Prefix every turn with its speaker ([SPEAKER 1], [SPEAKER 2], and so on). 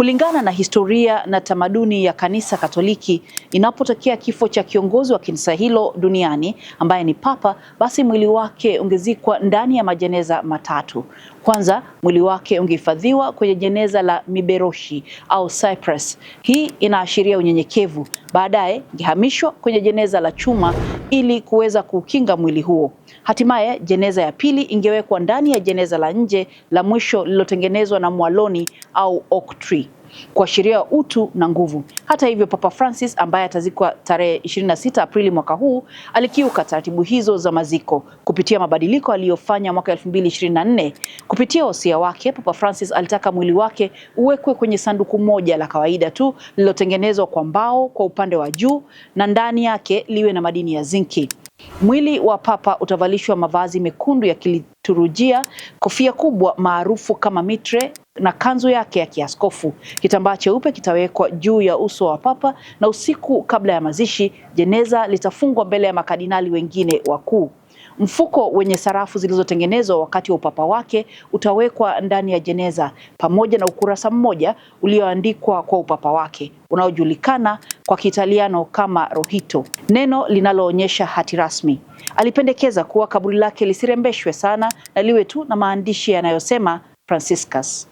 [SPEAKER 1] Kulingana na historia na tamaduni ya Kanisa Katoliki, inapotokea kifo cha kiongozi wa kanisa hilo duniani ambaye ni Papa, basi mwili wake ungezikwa ndani ya majeneza matatu. Kwanza, mwili wake ungehifadhiwa kwenye jeneza la Miberoshi au Cyprus. Hii inaashiria unyenyekevu. Baadaye ingehamishwa kwenye jeneza la chuma ili kuweza kukinga mwili huo. Hatimaye jeneza ya pili ingewekwa ndani ya jeneza la nje la mwisho lililotengenezwa na mwaloni au oak tree kuashiria utu na nguvu. Hata hivyo, Papa Francis ambaye atazikwa tarehe 26 Aprili mwaka huu alikiuka taratibu hizo za maziko kupitia mabadiliko aliyofanya mwaka 2024. Kupitia wasia wake, Papa Francis alitaka mwili wake uwekwe kwenye sanduku moja la kawaida tu lililotengenezwa kwa mbao kwa upande wa juu na ndani yake liwe na madini ya zinki. Mwili wa Papa utavalishwa mavazi mekundu ya kiliturujia, kofia kubwa maarufu kama mitre na kanzu yake ya kiaskofu. Kitambaa cheupe kitawekwa juu ya uso wa Papa, na usiku kabla ya mazishi, jeneza litafungwa mbele ya makadinali wengine wakuu. Mfuko wenye sarafu zilizotengenezwa wakati wa upapa wake utawekwa ndani ya jeneza, pamoja na ukurasa mmoja ulioandikwa kwa upapa wake unaojulikana kwa Kiitaliano kama Rohito, neno linaloonyesha hati rasmi. Alipendekeza kuwa kaburi lake lisirembeshwe sana na liwe tu na maandishi yanayosema Franciscus.